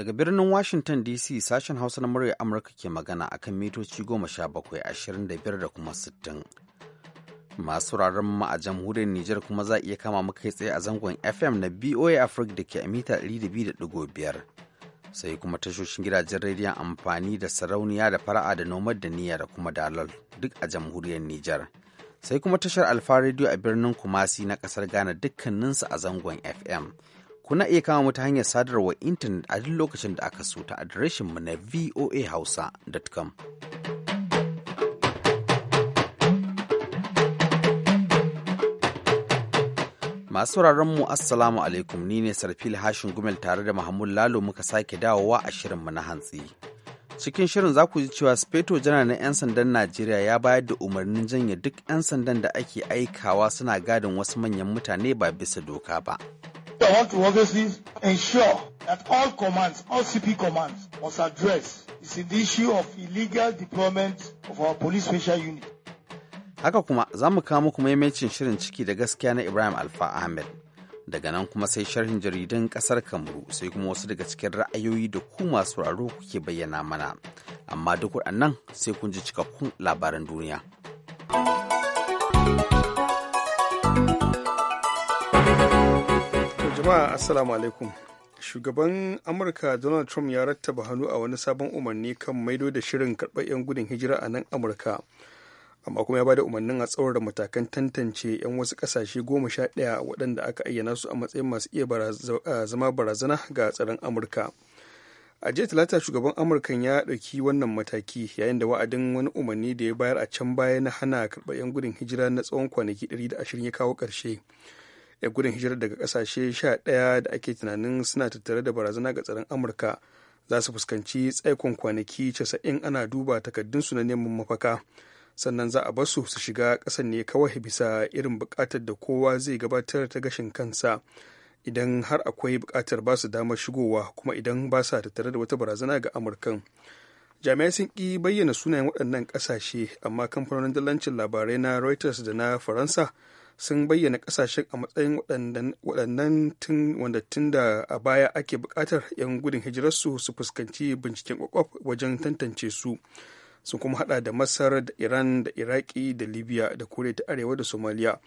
Daga birnin Washington DC sashen Hausa na murya Amurka ke magana a kan mitoci goma sha bakwai ashirin da biyar da kuma sittin. Masu wuraren mu a jamhuriyar Nijar kuma za a iya kama mu kai tsaye a zangon FM na BOA Africa da ke a mita ɗari biyar. Sai kuma tashoshin gidajen rediyon amfani da sarauniya da fara'a da nomad da niyya da kuma dalal duk a jamhuriyar Nijar. Sai kuma tashar Alfa Radio a birnin Kumasi na ƙasar Ghana dukkaninsu a zangon FM. Kuna iya kama mu ta hanyar sadarwar intanet a duk lokacin da aka so ta mu na voahausa.com. Masu mu Assalamu alaikum ni ne Sarfil Hashin Gumel tare da Mahmud Lalo muka sake dawowa a shirin mu na hantsi. Cikin shirin za ku ji cewa Speto janar na 'yan sandan Najeriya ya bayar da umarnin janye duk 'yan sandan da ake aikawa suna gadin wasu manyan mutane ba bisa doka ba. I want to obviously ensure that all commands, all CP commands, must address is the issue of illegal deployment of our police special unit. Haka kuma za mu kawo muku maimacin shirin ciki da gaskiya na Ibrahim Alfa Ahmed. Daga nan kuma sai sharhin jaridan kasar Kamaru sai kuma wasu daga cikin ra'ayoyi da ku masu raro kuke bayyana mana. Amma duk waɗannan sai kun ji cikakkun labaran duniya. jama'a assalamu alaikum shugaban amurka donald trump ya rattaba hannu a wani sabon umarni kan maido da shirin karɓar 'yan gudun hijira a nan amurka amma kuma ya bada umarnin a da matakan tantance 'yan wasu kasashe goma sha ɗaya waɗanda aka ayyana su a matsayin masu iya zama barazana ga tsaron amurka a jiya talata shugaban amurkan ya ɗauki wannan mataki yayin da wa'adin wani umarni da ya bayar a can baya na hana karɓar 'yan gudun hijira na tsawon kwanaki ɗari da ashirin ya kawo ƙarshe ya gudun hijirar daga kasashe 11 da ake tunanin suna tattare da barazana ga tsaron amurka za su fuskanci tsaikon kwanaki 90 ana duba takaddunsu na neman mafaka sannan za a basu su shiga kasan ne kawai bisa irin bukatar da kowa zai gabatar ta gashin kansa idan har akwai bukatar ba su damar shigowa kuma idan ba sa tattare da wata barazana ga amurkan jami'ai sun ƙi bayyana sunayen waɗannan ƙasashe amma kamfanonin dalancin labarai na reuters da na faransa sun bayyana kasashen a matsayin waɗannan tun wanda tun da a baya ake buƙatar 'yan gudun hijirarsu su fuskanci binciken kwakwaf wajen tantance su sun kuma hada da masar da iran da iraki da libya da koriya ta arewa da somaliya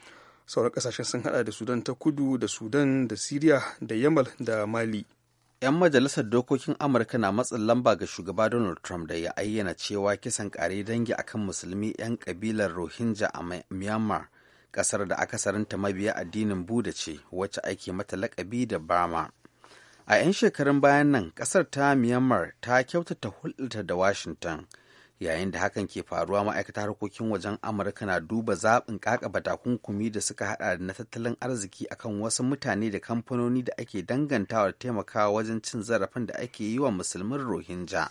sauran kasashen sun hada da sudan ta kudu da sudan da siriya da yamal da mali 'yan majalisar dokokin amurka na matsin lamba ga shugaba donald trump da ya ayyana cewa kisan kare dangi akan musulmi 'yan kabilar rohingya a myanmar kasar da akasarinta mabiya addinin buda ce wacce ake mata lakabi da bama a 'yan shekarun bayan nan kasar ta myanmar ta kyautata hulɗarta da washington yayin da hakan ke faruwa ma'aikata harkokin wajen amurka na duba zaɓin kakaba takunkumi da suka haɗa da na tattalin arziki akan wasu mutane da kamfanoni da ake dangantawa da taimakawa wajen cin zarafin da ake yi wa musulmin rohingya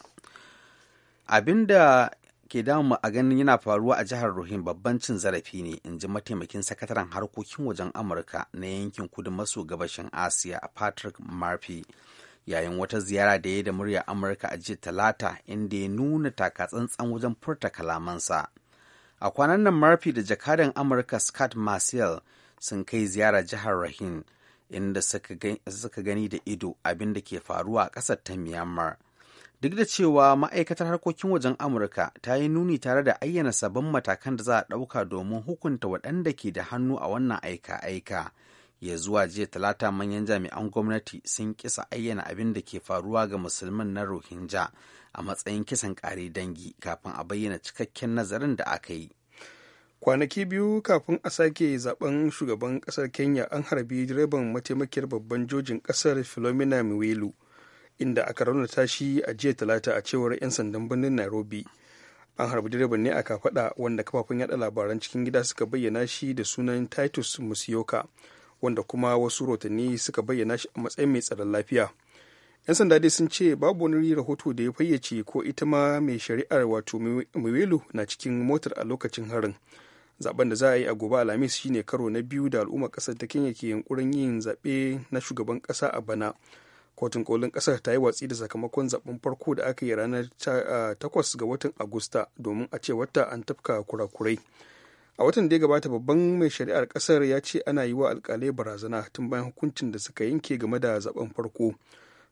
da. ke damu a ganin yana faruwa a jihar rohin babban cin zarafi ne, in ji mataimakin sakataren harkokin wajen Amurka na yankin kudu maso gabashin Asiya a Patrick Murphy. Yayin wata ziyara da ya da murya Amurka a jiya Talata inda ya nuna takatsantsan wajen furta kalamansa. A kwanan nan Murphy da jakadan Amurka Scott Marcel sun kai ziyara jihar Rahim inda suka gani da ido abin da ke faruwa a ƙasar ta Myanmar. duk da cewa ma'aikatar harkokin wajen amurka ta yi nuni tare da ayyana sabbin matakan da za a ɗauka domin hukunta waɗanda ke da hannu a wannan aika-aika ya zuwa jiya talata manyan jami'an gwamnati sun kisa ayyana abin da ke faruwa ga musulman na rohingya a matsayin kisan ƙare dangi kafin a bayyana cikakken nazarin da aka yi kwanaki biyu kafin a sake zaben shugaban kasar kenya an harbi direban mataimakiyar babban jojin kasar philomena miwelu inda aka raunata shi a jiya talata a cewar 'yan sandan birnin nairobi an harbi direban ne a kafaɗa wanda kafafen yada labaran cikin gida suka bayyana shi da sunan titus musioka wanda kuma wasu rotanni suka bayyana shi a matsayin mai tsaron lafiya 'yan sanda dai sun ce babu wani rahoto da ya fayyace ko ita ma mai shari'ar wato mawelu na cikin motar a lokacin harin zaben da za a yi a gobe alhamis shine karo na biyu da al'ummar kasar ta kenya ke yunkurin yin zaɓe na shugaban ƙasa a bana kotun kolin kasar ta yi watsi da sakamakon zaben farko da aka yi ranar 8 ga watan agusta domin a ce wata an tafka kurakurai a watan da ya gabata babban mai shari'ar kasar ya ce ana yi wa alkalai barazana tun bayan hukuncin da suka yanke game da zaben farko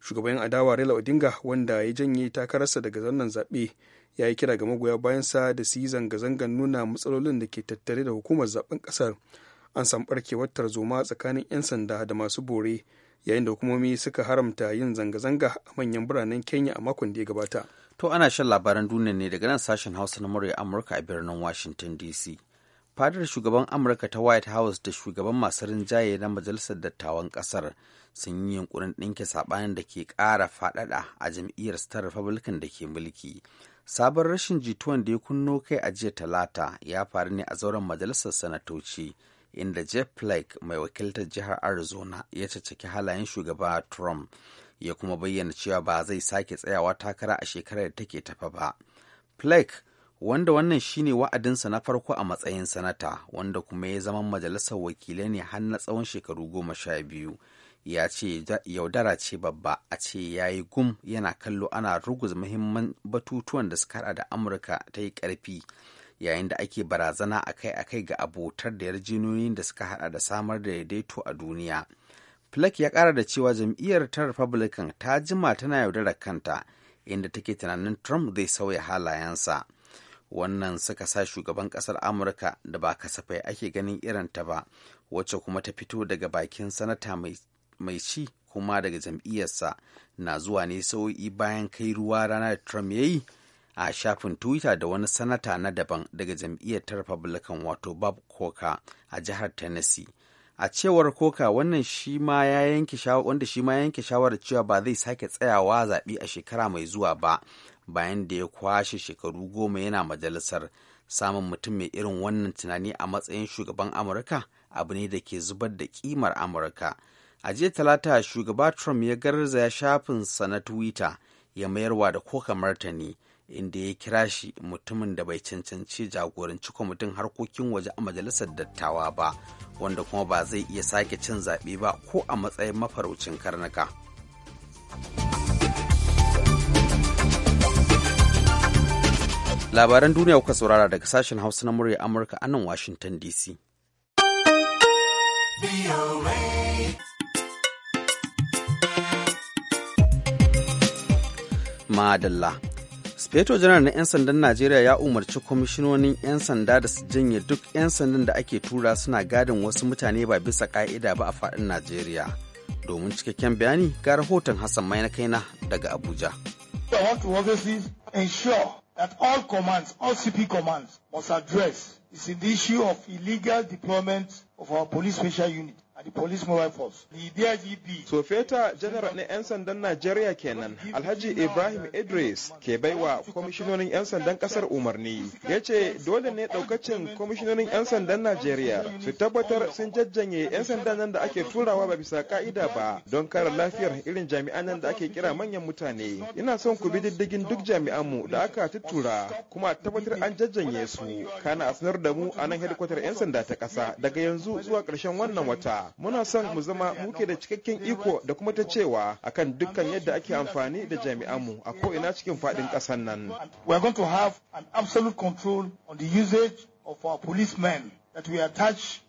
shugaban adawa raila odinga wanda ya janye takararsa daga zannan zaɓe ya yi kira ga magoya sa da su yi zanga-zangar nuna matsalolin da ke tattare da hukumar zaben kasar an san barkewar zoma tsakanin 'yan sanda da masu bore yayin da hukumomi suka haramta yin zanga-zanga a manyan biranen kenya a makon da ya gabata to ana shan labaran duniya ne daga nan sashen hausa na murya amurka a birnin washington dc fadar shugaban amurka ta white house da shugaban masu rinjaye na majalisar dattawan kasar sun yi yunkurin ɗinke saɓanin da ke ƙara faɗaɗa a jam'iyyar star republican da ke mulki sabon rashin jituwan da ya kunno kai a jiya talata ya faru ne a zauren majalisar sanatoci inda jeff flake mai wakiltar jihar arizona ya caccaki halayen shugaba trump ya kuma bayyana cewa ba zai sake tsayawa takara a shekarar da take tafa ba flake wanda wannan shine wa'adinsa na farko a matsayin sanata wanda kuma ya zama majalisar wakilai ne har na tsawon shekaru goma sha biyu ya ce yaudara ce babba a ce ya yi gum yana kallo ana ruguza muhimman batutuwan da suka da amurka ta yi ƙarfi yayin da ake barazana akai-akai ga abotar da yarjinoyin da suka hada da samar da daidaito a duniya. Flake ya kara da cewa jam'iyyar ta Republican ta jima tana yaudarar kanta inda take tunanin Trump zai sauya halayensa. Wannan suka sa shugaban kasar Amurka da ba kasafai ake ganin irin ta ba, wacce kuma ta fito daga bakin sanata mai ci kuma daga jam'iyyarsa na zuwa ne sau'i bayan kai ruwa rana da Trump ya yi a shafin twitter da wani sanata na daban daga jam'iyyar ta republican wato bob koka a jihar tennessee a cewar koka wannan shi ma ya yanke wanda shi shawarar cewa ba zai sake tsayawa zaɓe a shekara mai zuwa ba bayan da ya kwashe shekaru goma yana majalisar samun mutum mai irin wannan tunani a matsayin shugaban amurka abu ne da ke zubar da kimar amurka a jiya talata shugaba trump ya garza shafinsa na twitter ya mayarwa da koka martani inda ya kira shi mutumin da bai cancanci jagoranci kwamitin harkokin waje a majalisar dattawa ba wanda kuma ba zai iya sake cin zaɓe ba ko a matsayin mafaraucin karnuka. labaran duniya kuka saurara daga sashen hausa na murya amurka a nan washington dc madalla Speto janar na 'yan sandan Najeriya ya umarci kwamishinonin 'yan sanda da su janye duk 'yan sandan da ake tura suna gadin wasu mutane ba bisa ka'ida ba a faɗin Najeriya. Domin cikakken bayani ga rahoton Hassan Mai na kaina daga Abuja. to ensure that all commands, all CP commands must address is the issue of illegal deployment of our police special unit. the police mobile force. Sofeta General na 'yan sandan Najeriya kenan Alhaji Ibrahim Idris ke baiwa kwamishinonin 'yan sandan kasar umarni. Ya ce dole ne daukacin kwamishinonin 'yan sandan Najeriya su tabbatar sun jajjanye 'yan sandan nan da ake turawa ba bisa ka'ida ba don kare lafiyar irin jami'an nan da ake kira manyan mutane. Ina son ku bi diddigin duk jami'anmu da aka tuttura kuma tabbatar an jajjanye su. Kana a sanar da mu a nan hedikwatar 'yan sanda ta ƙasa daga yanzu zuwa ƙarshen wannan wata. muna son mu zama muke da cikakken iko da kuma ta cewa akan dukkan yadda ake amfani da jami'anmu a ko'ina cikin faɗin ƙasar nan. We are going to have an absolute control on the usage of our policemen that we attach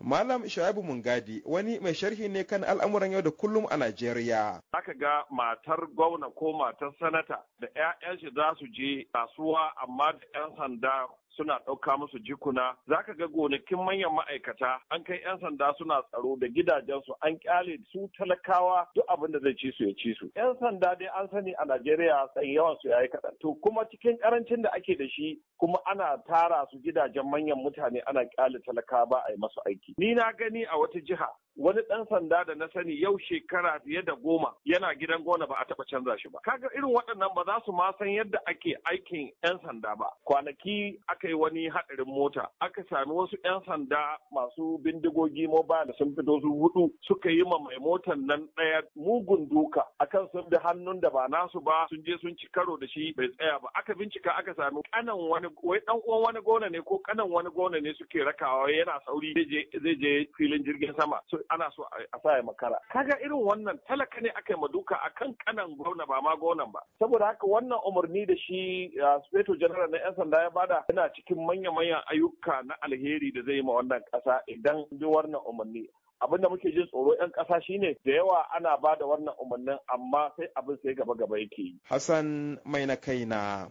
Malam Shaibu Mungadi wani mai sharhi ne kan al'amuran yau da kullum a Najeriya. Aka ga matar gwamna ko matar sanata da 'ya'yan shi za su je kasuwa amma da 'yan sanda suna ɗauka musu jikuna zaka ga gonakin manyan ma'aikata an kai 'yan sanda suna tsaro da gidajensu an kyale su talakawa duk abin da zai ci su ya ci su 'yan sanda dai an sani a Najeriya san yawan su yayi kaɗan to kuma cikin karancin da ake da shi kuma ana tara su gidajen manyan mutane ana kyale talakawa ba a yi masu aiki ni na gani a wata jiha wani ɗan sanda da na sani yau shekara fiye da goma yana gidan gona ba a taba canza shi ba. Kaga irin waɗannan ba za su ma san yadda ake aikin 'yan sanda ba. Kwanaki aka yi wani haɗarin mota, aka sami wasu 'yan sanda masu bindigogi mobile sun fito su hudu suka yi ma mai motan nan ɗaya mugun duka akan sun da hannun da ba nasu ba sun je sun ci karo da shi bai tsaya ba. Aka bincika aka sami kanan wani wai ɗan uwan wani gona ne ko kanan wani gona ne suke rakawa yana sauri zai je filin jirgin sama. ana so a sa ya makara kaga irin wannan talaka ne aka yi maduka a kan kanan gwamna ba ma gwamnan ba saboda haka wannan umarni da shi uh, speto general na yan sanda ya bada yana cikin manya-manyan ayyuka na alheri da zai yi ma wannan kasa idan bi wannan umarni abin da muke jin tsoro 'yan ƙasa shine da yawa ana ba da wannan umarnin amma sai abin sai gaba-gaba yake yi. Hassan mai na kai na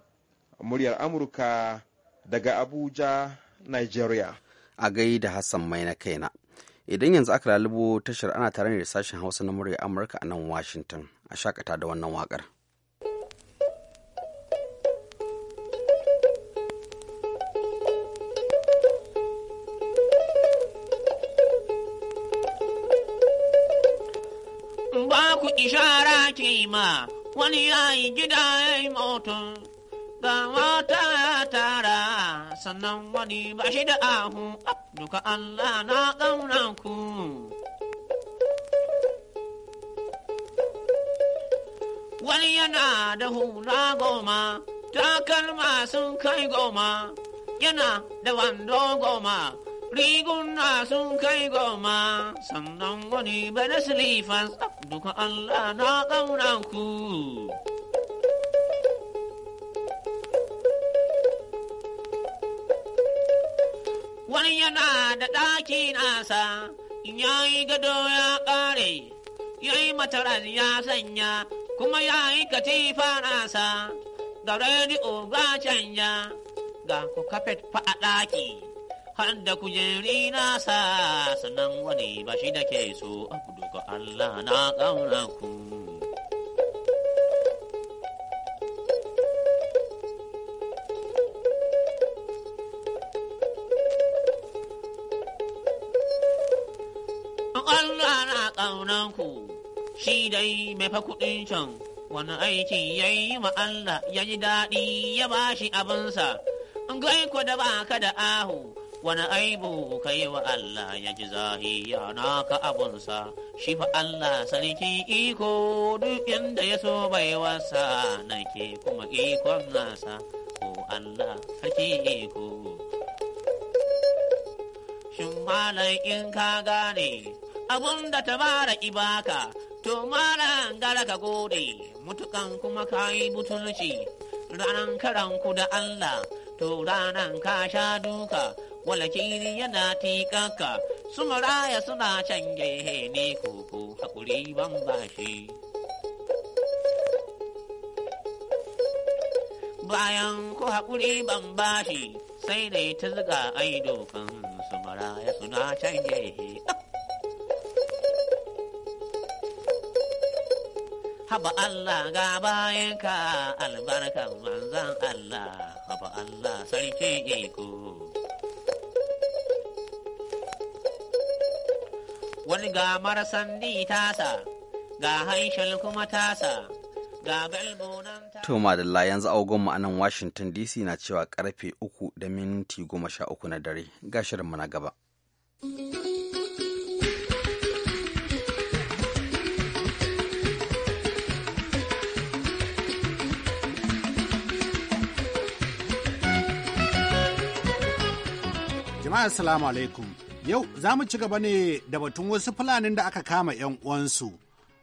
muryar Amurka daga Abuja, Nigeria. A gai da Hassan mai na kai na. idan yanzu aka lalubo tashar ana tare da sashen hausa na murya amurka a nan washington a shakata da wannan wakar. ba ku ishara ke ma wani yayi gida ya yi ga mata ya tara sannan wani ba shi da ahu a duka Allah na ƙaunan ku. Wani yana da hula goma, takalma sun kai goma, yana da wando goma, riguna sun kai goma, sannan wani da silifas. duka Allah na ƙaunan ku. wani yana da ɗaki nasa ya yi gado ya ƙare yayi yi mataras ya sanya kuma ya yi katifa nasa ga rediyo ga canja ga ku kafet fa a ɗaki har da kujeri nasa sannan wani bashi da ke so abu duka Allah na ƙaunar ku. shi dai mai fa kuɗin can wani aiki ya yi Allah ya ji daɗi ya ba shi abinsa gai ku da baka da ahu wani aibu ka yi wa Allah ya ji zahi ya naka abunsa shi fa Allah sarki iko duk inda ya so bai wasa nake kuma ikon nasa ko Allah sarki iko shin malai in ka gane abun da ta bara ibaka To mara gara ka gode, mutukan kuma ka yi butulci, ranan karan ku da Allah, to ranan ka sha duka, wala kiri yana tikaka, su maraya suna can gehe ne koko haƙuri ban bashi. Bayan ku hakuri ban bashi, sai dai ta zuga ido kan su maraya suna can gehe. haba Allah ga ka albarkan manzan Allah haba Allah sarki iko wani ga marasan ni tasa ga haishal kuma tasa ga galbonan nan To madalla yanzu agogon mu a nan Washington DC na cewa karfe uku da minti goma na dare ga mu na gaba. Jama'a assalamu alaikum. Yau za mu ci gaba ne da batun wasu fulanin da aka kama 'yan uwansu.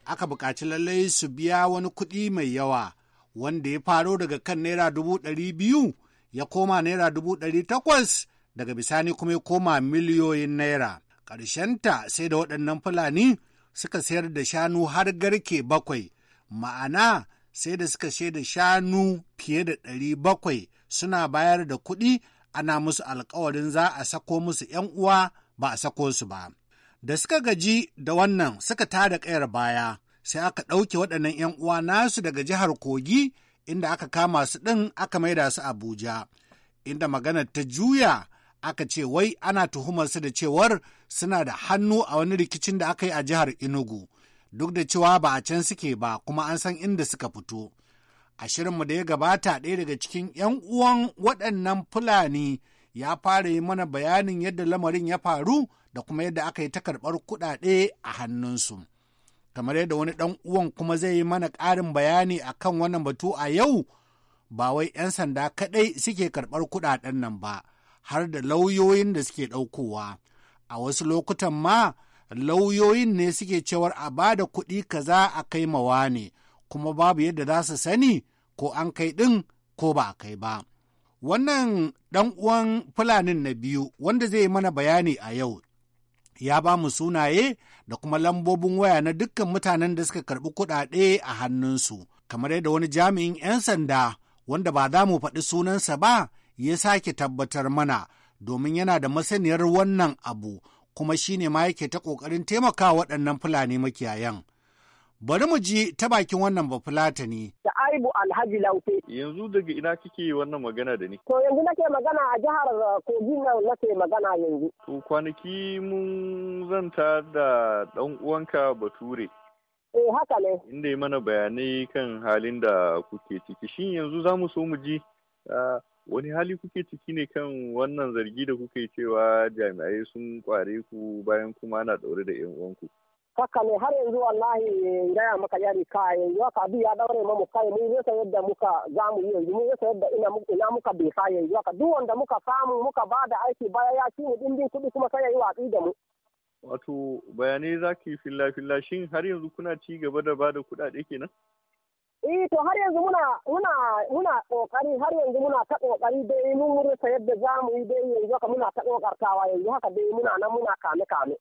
Aka buƙaci lallai su biya wani kuɗi mai yawa wanda ya faro daga kan naira dubu ɗari biyu ya koma naira dubu ɗari takwas daga bisani kuma ya koma miliyoyin naira. Ƙarshenta sai da waɗannan fulani suka sayar da shanu har garke bakwai ma'ana sai da suka da shanu fiye da ɗari bakwai suna bayar da kuɗi ana musu alkawarin za a sako musu 'yan uwa ba a sako su ba. Da suka gaji da wannan suka tada kayar baya, sai aka ɗauke waɗannan 'yan uwa nasu daga jihar Kogi inda aka kama su ɗin aka maida su Abuja, inda maganar ta juya aka ce wai ana tuhumar su da cewar suna da hannu a wani rikicin da aka yi a jihar Enugu, duk da cewa ba a can suke ba kuma an san inda suka fito. a shirinmu da ya gabata ɗaya daga cikin 'yan uwan waɗannan fulani ya fara yi mana bayanin yadda lamarin ya faru da kuma yadda aka yi ta karɓar kuɗaɗe a hannunsu. Kamar yadda wani ɗan uwan kuma zai yi mana ƙarin bayani a kan wannan batu a yau, ba wai 'yan sanda kaɗai suke karɓar kuɗaɗen nan ba, har da lauyoyin da suke ɗaukowa. A wasu lokutan ma, lauyoyin ne suke cewar a ba da kuɗi kaza a kai mawa ne. kuma babu yadda za su sani ko an kai ɗin ko ba a kai ba. Wannan ɗan uwan Fulanin na biyu wanda zai yi mana bayani a yau ya ba mu sunaye da kuma lambobin waya na dukkan mutanen da suka karɓi kuɗaɗe a hannunsu, kamar yadda wani jami'in 'yan sanda wanda ba za mu faɗi sunansa ba ya sake tabbatar mana domin yana da masaniyar wannan abu kuma shi ne ma yake ta ƙoƙarin taimaka waɗannan Fulani makiyayan. Bari mu ji ta bakin wannan bafulata ne. Sha'aibu Alhaji Laute. Yanzu daga ina kike wannan magana da ni? To yanzu nake magana a jihar uh, Kogi na nake magana yanzu. To kwanaki mun zanta da ɗan uwanka Bature. Eh haka ne. Inda yi mana bayanai kan halin da kuke ciki. Shin yanzu za mu so mu ji uh, wani hali kuke ciki ne kan wannan zargi da kuke cewa jami'ai sun kware ku bayan kuma ana ɗaure da 'yan uwanku. haka ne har yanzu wallahi gaya maka yari ka yanzu haka abin ya daure mu kai mun rasa yadda muka za mu yi yanzu mun rasa yadda ina ina muka bai sa yanzu haka duk wanda muka samu muka ba da aiki baya ya ci mu dindin kuɗi kuma sai ya yi watsi da mu. Wato bayanai za ki filla filla shin har yanzu kuna ci gaba da ba da kuɗaɗe kenan? eh to har yanzu muna muna muna kokari har yanzu muna ta kokari dai mun rasa yadda za mu yi dai yanzu haka muna ta kokartawa yanzu haka dai muna nan muna kame kame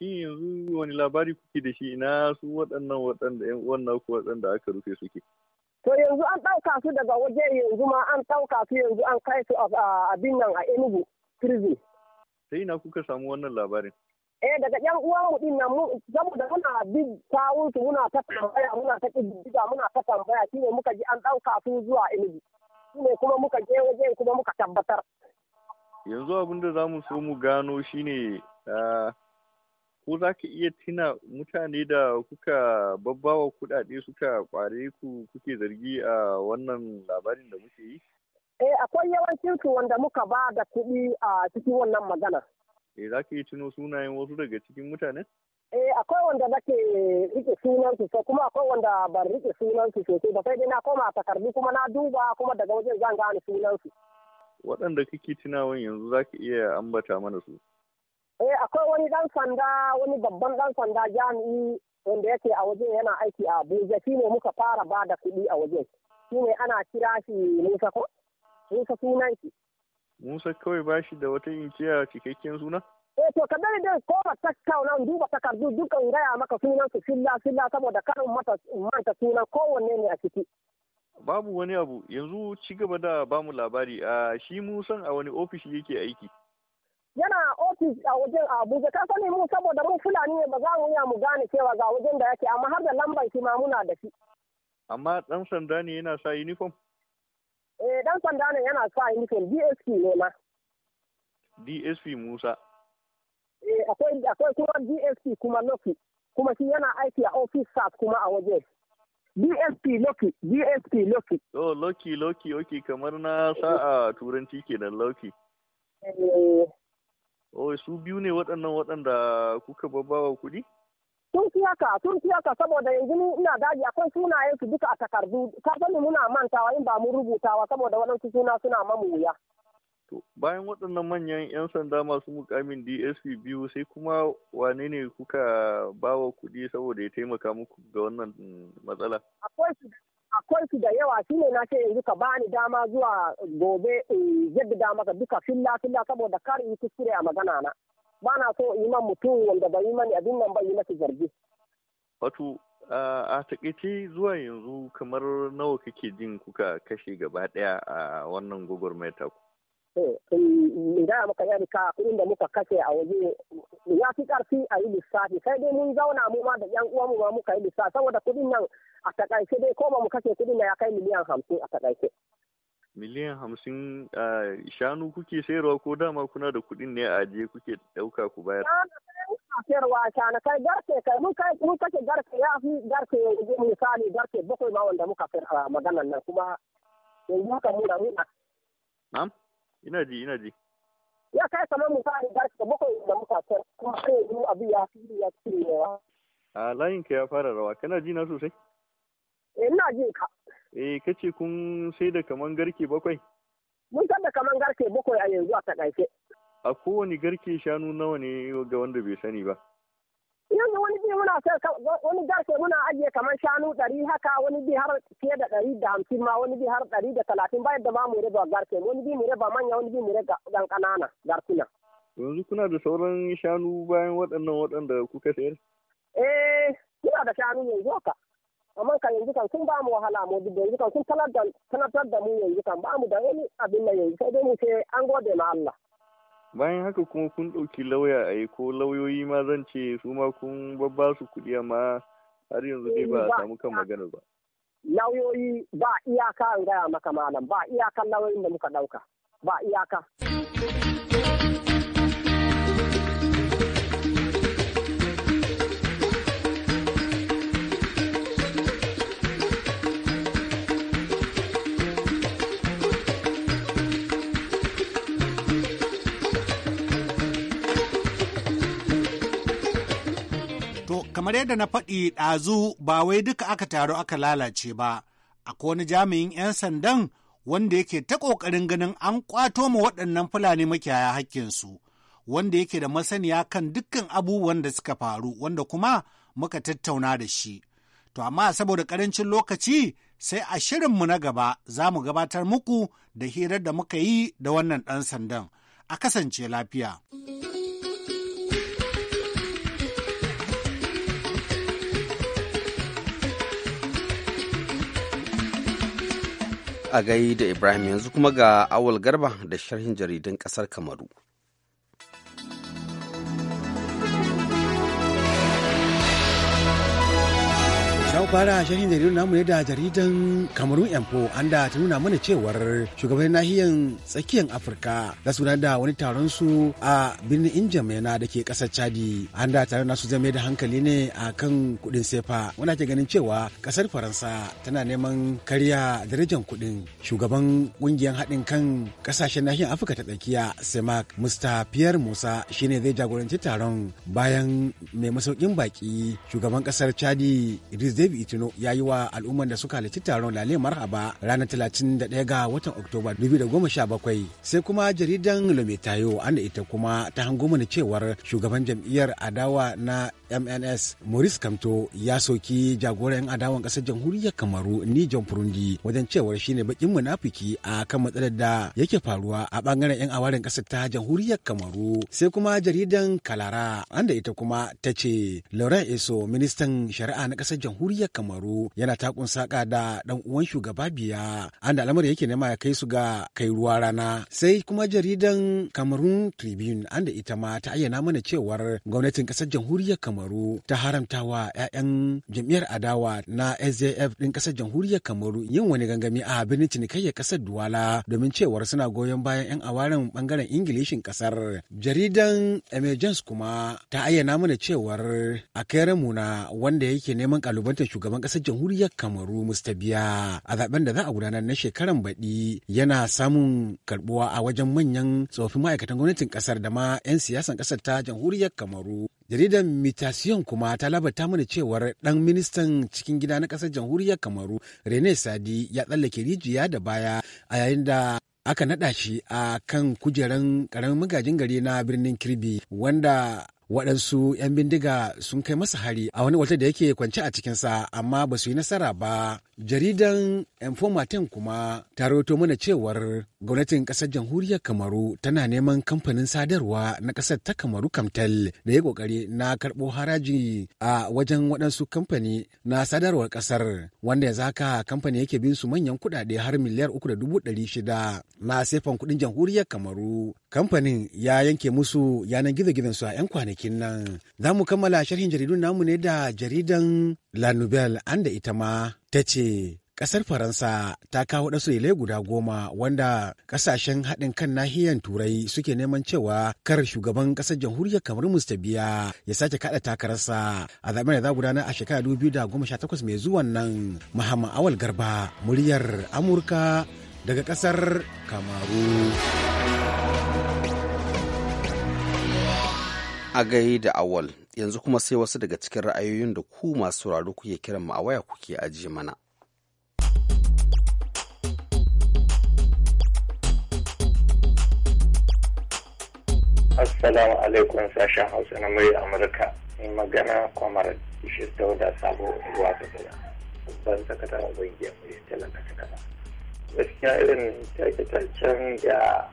shi yanzu wani labari kuke da shi ina su waɗannan waɗanda yan uwan naku waɗanda aka rufe suke to yanzu an ɗauka su daga waje yanzu ma an ɗauka su yanzu an kai su ah, abin nan a Enugu prison sai na kuka samu wannan labarin eh daga yan uwan mu din nan saboda muna bin kawun su muna ta tambaya muna ta kididdiga muna ta tambaya shine muka ji an ɗauka su zuwa Enugu ne kuma muka je waje kuma muka tabbatar yanzu abin da za mu so mu gano shine ah, ko za ka iya tina mutane da kuka babbawa kuɗaɗe suka kware ku kuke zargi a wannan labarin da muke yi? Eh akwai yawancin su wanda muka ba da kuɗi a cikin wannan magana. Eh za ka iya tuno sunayen wasu daga cikin mutanen? Eh akwai wanda ke rike sunan su sai kuma akwai wanda ban rike sunan su sosai ba sai dai na koma takardu kuma na duba kuma daga wajen zan gane sunan su. Waɗanda kake tunawan yanzu za ka iya ambata mana su. Eh akwai wani dan sanda wani babban dan sanda jami'i wanda yake a waje yana aiki a Abuja shi ne muka fara ba da kuɗi a waje shi ne ana kira shi Musa ko? Musa sunan shi. Musa kawai ba shi da wata inciya cikakken suna? Eh to ka dai dai ko ba tattauna duba takardu dukan gaya maka sunan su filla filla saboda karin mata manta sunan kowanne ne a ciki. Babu wani abu yanzu ci gaba da bamu labari a ah, shi Musan a wani ofishi yake aiki. yana ofis a wajen abuja ka sani mu saboda mun fulani ne ba za mu iya mu gane cewa ga wajen da yake amma har da lambar shi ma muna da shi amma dan sanda ne yana sa uniform eh dan sanda ne yana sa uniform dsp ne ma dsp musa eh akwai akwai kuma dsp kuma loki kuma shi yana aiki a ofis staff kuma a waje dsp loki dsp loki oh loki loki okay kamar na sa'a eh. turanci kenan loki eh Oh, su biyu ne waɗannan waɗanda kuka babbawa kuɗi? Sun fi haka, sun fi haka saboda yanzu ni ina daji akwai sunayen su duka a takardu, ka sani muna mantawa in ba mu rubutawa saboda waɗansu suna suna mamu wuya. To, bayan waɗannan manyan 'yan sanda masu mukamin DSP biyu sai kuma wane ne kuka bawa kuɗi saboda ya taimaka muku ga wannan matsala? Akwai akwai su da yawa shi ne na ce yanzu ka bani dama zuwa gobe in jaddada maka duka filla filla saboda kar yi kuskure a magana na ba na so yi man mutum wanda ba yi mani abin nan ba yi masa zargi. Wato a takaice zuwa yanzu kamar nawa kake jin kuka kashe gaba daya a wannan gwagwarmayar taku? to eh, da gaya maka ka kuɗin da muka kashe a waje ya fi ƙarfi a yi lissafi sai dai mun zauna mu ma da yan mu ma muka yi lissafi saboda kuɗin nan a takaice dai ko ba mu kashe kuɗin nan ya kai miliyan hamsin a takaice. miliyan hamsin a shanu kuke sayarwa ko dama kuna da kuɗin ne a ajiye kuke ɗauka ku bayar. sayarwa shanu kai garke kai mun kai mun kashe garke ya fi garke misali garke bakwai ma wanda muka sayar a maganar nan kuma yanzu haka muna muna. Na'am. ina ji ina ji ya kai kamar mu fara da ka bakwai da muka tsar kuma sai yanzu abin ya fi ya fi yawa a layin ka ya fara rawa kana ji na sosai eh ina ji ka eh kace kun sai da kamar garke bakwai mun san da kamar garke bakwai a yanzu a takaice a kowane garke shanu nawa ne ga wanda bai sani ba yanzu wani bi muna sai wani garke muna ajiye kamar shanu ɗari haka wani bi har fiye da ɗari da hamsin ma wani bi har ɗari da talatin ba yadda ba mu raba garke wani bi mu raba manya wani bi mu raba ɗan ƙanana garkuna. yanzu kuna da sauran shanu bayan waɗannan waɗanda kuka sayar. eh kuna da shanu yanzu haka amma kan yanzu kan sun ba mu wahala mu da yanzu kan sun talatar da mu yanzu kan ba mu da wani abin da yanzu sai dai mu ce an gode ma Allah. bayan haka kuma kun ɗauki lauya a yi ko lauyoyi ma zan ce su ma kun babba su kuɗi amma har yanzu dai ba a samu kan magana ba. Lauyoyi ba iyaka an gaya maka malam ba iyakan lauyoyin da muka ɗauka ba iyaka. kamar yadda na faɗi ɗazu ba wai duka aka taru aka lalace ba, akwai wani jami'in 'yan sandan wanda yake ta ƙoƙarin ganin an ƙwato ma waɗannan Fulani makiyaya hakkinsu, wanda yake da masaniya kan dukkan abubuwan da suka faru, wanda kuma muka tattauna da shi. To amma saboda ƙarancin lokaci sai a shirin mu na gaba za mu gabatar muku da hirar da muka yi da wannan ɗan sandan. A kasance lafiya. a gai da Ibrahim yanzu kuma ga awal garba da sharhin jaridan ƙasar Kamaru. fara shirin jaridun namu ne da jaridan Cameroon Info an da ta nuna mana cewar shugaban nahiyan tsakiyan Afirka da suna da wani taron su a birnin Injamena da ke kasar Chadi an da taron nasu zame da hankali ne a kan kuɗin sefa wanda ke ganin cewa kasar Faransa tana neman karya darajar kuɗin shugaban kungiyar haɗin kan ƙasashen nahiyan Afirka ta tsakiya Semak Mr. Pierre Musa shine zai jagoranci taron bayan mai masaukin baki shugaban ƙasar Chadi Idris Itino ya yi wa al'ummar da suka halarci taron lale marhaba ranar 31 ga watan Oktoba 2017 sai kuma jaridan Lomitayo anda ita kuma ta hango mana cewar shugaban jam'iyyar adawa na MNS Maurice Kamto ya soki jagoran adawan ƙasar jamhuriyar Kamaru ni John Furundi wajen cewar shine bakin munafiki a kan matsalar da yake faruwa a bangaren 'yan awarin ƙasar ta jamhuriyar Kamaru sai kuma jaridan Kalara anda ita kuma ta ce Laurent Eso ministan shari'a na ƙasar jamhuriyar kamaru yana takun saka da dan uwan shugaba biya an da al'amari yake nema ya kai su ga kai ruwa rana sai kuma jaridan kamarun tribune an da ita ma ta ayyana mana cewar gwamnatin kasar jamhuriyar kamaru ta haramtawa 'ya'yan jam'iyyar adawa na sjf din kasar jamhuriyar kamaru yin wani gangami a birnin cinikayyar kasar duwala domin cewar suna goyon bayan 'yan awaren bangaren ingilishin kasar jaridan emergence kuma ta ayyana mana cewar a muna wanda yake neman kalubantar shugaban ƙasar jamhuriyar Kamaru Musta Biya a zaben da za a gudanar na shekaran baɗi yana samun karbuwa a wajen manyan tsofaffin ma'aikatan gwamnatin ƙasar da ma 'yan siyasan ƙasar ta jamhuriyar Kamaru. jaridar mitasiyon kuma ta labarta mana cewar dan ministan cikin gida na kasar jamhuriyar kamaru rene sadi ya tsallake rijiya da baya a yayin da aka naɗa shi a kan kujeran ƙaramin magajin gari na birnin kirbi wanda waɗansu 'yan bindiga sun kai masa hari a wani wata da yake kwance a cikinsa amma ba su yi nasara ba Jaridan Informatin kuma ta rawaito mana cewar gwamnatin ƙasar jamhuriyar Kamaru tana neman kamfanin sadarwa na ƙasar ta Kamaru Kamtel da ya ƙoƙari na karɓo haraji a wajen waɗansu kamfani na sadarwar ƙasar wanda ya zaka kamfani yake bin su manyan kuɗaɗe har miliyar uku da dubu ɗari shida na sefan kuɗin jamhuriyar Kamaru. Kamfanin ya yanke musu yanar gizo-gizon su a 'yan kwanakin nan. Za mu kammala sharhin jaridun namu ne da jaridan La Nouvelle an da ita ma ta ce Ƙasar Faransa ta kawo waɗansu dalilai guda goma wanda ƙasashen haɗin kan nahiyar Turai suke neman cewa kar shugaban ƙasar jamhuriyar kamar biya ya sake kaɗa takararsa a zaɓen da za gudana a shekara 2018 mai zuwan nan mahama Awal Garba muryar Amurka daga ƙasar Kamaru. A da Awal. yanzu kuma sai wasu daga cikin ra'ayoyin da ku masu sauraro kuke kiran mu a waya kuke ajiye mana. Assalamu alaikum sashen Hausa na mai Amurka. ne magana kwamar Bishir Dauda Sabo Ruwa ta kula Babban sakataren ƙungiyar mai talaka ta kasa. Gaskiya irin take-taken da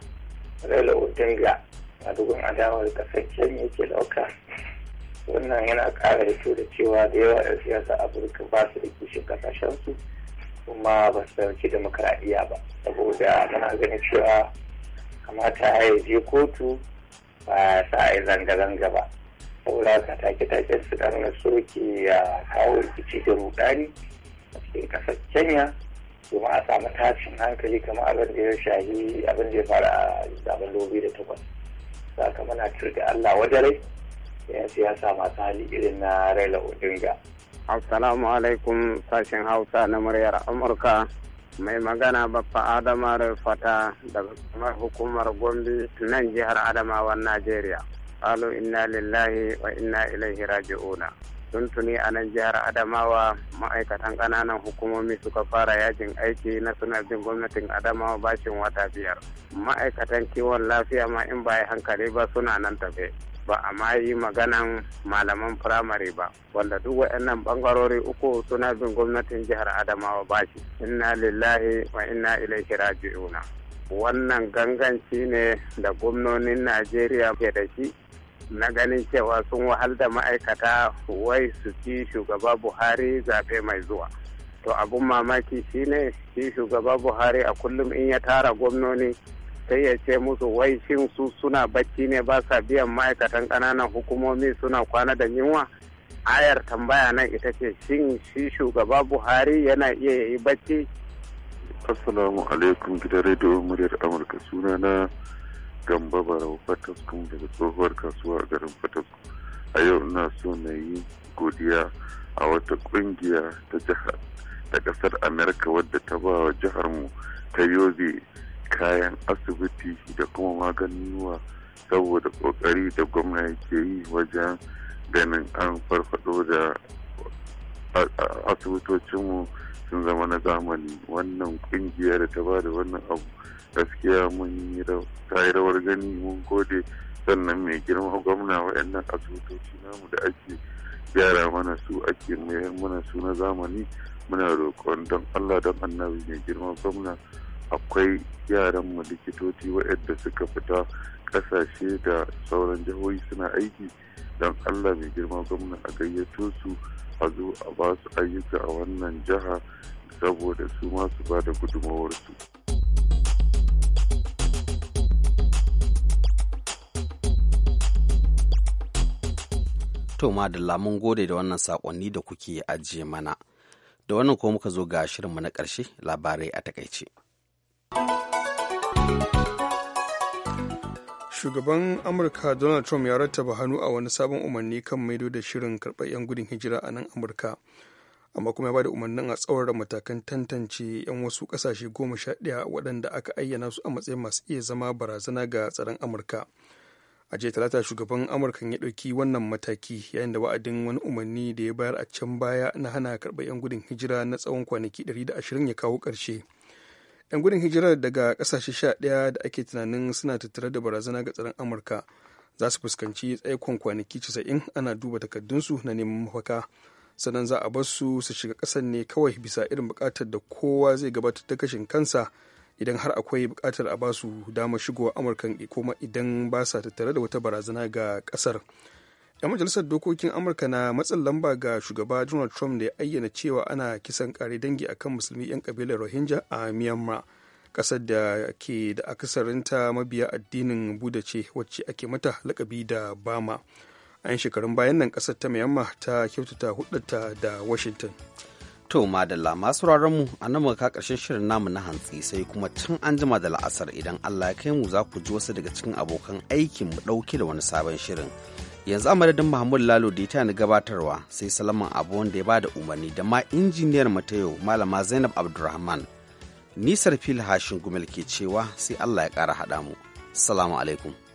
Raila Odinga a dugun adawar kasar Kenya yake ɗauka wannan yana ƙara hito da cewa da yawa 'yan siyasa afirka ba su da kishin kasashensu kuma ba su dauki demokaradiyya ba saboda muna ganin cewa kamata ya je kotu ba sa a yi zanga-zanga ba saboda ka take-take su da nuna soke ya kawo rikici da rudani a cikin ƙasar kenya kuma a samu tashin hankali kamar abin da ya shahi abin da ya fara a zaben za saka muna da allah wajen yan siyasa hali irin na Raila Odinga. Assalamu alaikum sashen Hausa na muryar Amurka. Mai magana Baffa Adama fata daga kamar hukumar Gombe nan jihar adamawa Najeriya. alu inna lillahi wa inna ilaihi raji'una. tuntuni a nan jihar adamawa ma'aikatan ƙananan hukumomi suka fara yajin aiki na suna jin gwamnatin adamawa bashin wata biyar ma'aikatan kiwon lafiya ma in ba hankali ba suna nan tafe ba a ma yi maganan malaman firamare ba wanda duk waɗannan bangarori uku suna bin gwamnatin jihar adamawa ba shi inna lillahi wa inna ilaihi raji'una wannan ganganci ne da gwamnonin najeriya ke da shi na ganin cewa sun wahal da ma'aikata wai su ci shugaba buhari zaɓe mai zuwa to abin mamaki shine shi shugaba buhari a kullum in ya tara gwamnoni sai ya ce musu wai shin su suna bacci ne ba sa biyan ma'aikatan ƙananan hukumomi suna kwana da yunwa ayar tambaya nan ita ce shin shi shugaba buhari yana iya yi bacci assalamu alaikum gidan rediyo muryar amurka suna na gamba barau fataskum daga tsohuwar kasuwa a garin fatas a yau ina so na yi godiya a wata kungiya ta jihar da kasar amerika wadda ta ba wa jihar mu ta yobe kayan asibiti da kuma maganinuwa saboda kokari da gwamna ke yi wajen ganin an farfado da asibitocinmu sun zama na zamani wannan kungiya da ta bada wannan abu gaskiya mun yi rawar gani mun gode sannan mai girma gwamna waɗannan asibitoci namu da ake gyara mana su ake mayar mana su na zamani muna roƙon don allah don annabi mai girma gwamna akwai mu likitoci waɗanda suka fita ƙasashe da sauran jihohi suna aiki don allah mai girma gwamna a gayyato su a zo a ba su ayyuka a wannan jiha saboda su masu ba da gudunmawarsu. toma da lamun gode da wannan sakonni da kuke ajiye mana. Da wannan kuma muka zo ga shirinmu na ƙarshe labarai a takaice. shugaban amurka donald trump ya rattaba hannu a wani sabon umarni kan maido da shirin karɓar 'yan gudun hijira a nan amurka amma kuma ya bada umarnin a tsawar matakan tantance 'yan wasu kasashe goma sha ɗaya waɗanda aka ayyana su a matsayin masu iya zama barazana ga tsaron amurka a jiya talata shugaban amurka ya ɗauki wannan mataki yayin da wa'adin wani umarni da ya bayar a can baya na hana karɓar 'yan gudun hijira na tsawon kwanaki ɗari da ashirin ya kawo ƙarshe. 'yan gudun hijirar daga kasashe 11 da ake tunanin suna tattare da barazana ga tsaron amurka za su fuskanci tsaikon kwanaki 90 ana duba takardunsu na neman mafaka sannan za a bar su su shiga ƙasar ne kawai bisa irin bukatar da kowa zai gabatar ta kashin kansa idan har akwai bukatar a basu su damar shigowa amurkan kuma idan ba sa tattare da wata barazana ga ƙasar. 'yan majalisar dokokin amurka na matsin lamba ga shugaba donald trump da ya ayyana cewa ana kisan kare dangi akan musulmi 'yan kabilar rohingya a myanmar kasar da ke da akasarinta mabiya addinin buda ce wacce ake mata lakabi da bama a yan shekarun bayan nan kasar ta myanmar ta kyautata hudata da washington to madalla masu mu a nan muka karshen shirin namu na hantsi sai kuma tun an jima da la'asar idan allah ya kai mu za ku ji wasu daga cikin abokan aikin mu dauke da wani sabon shirin yanzu a madadin mahmud lalo da ita ni gabatarwa sai salaman abu wanda ya ba da umarni da ma injiniyar matayo malama zainab abdulrahman nisar fil hashin gumel ke cewa sai allah ya kara haɗa mu salamu alaikum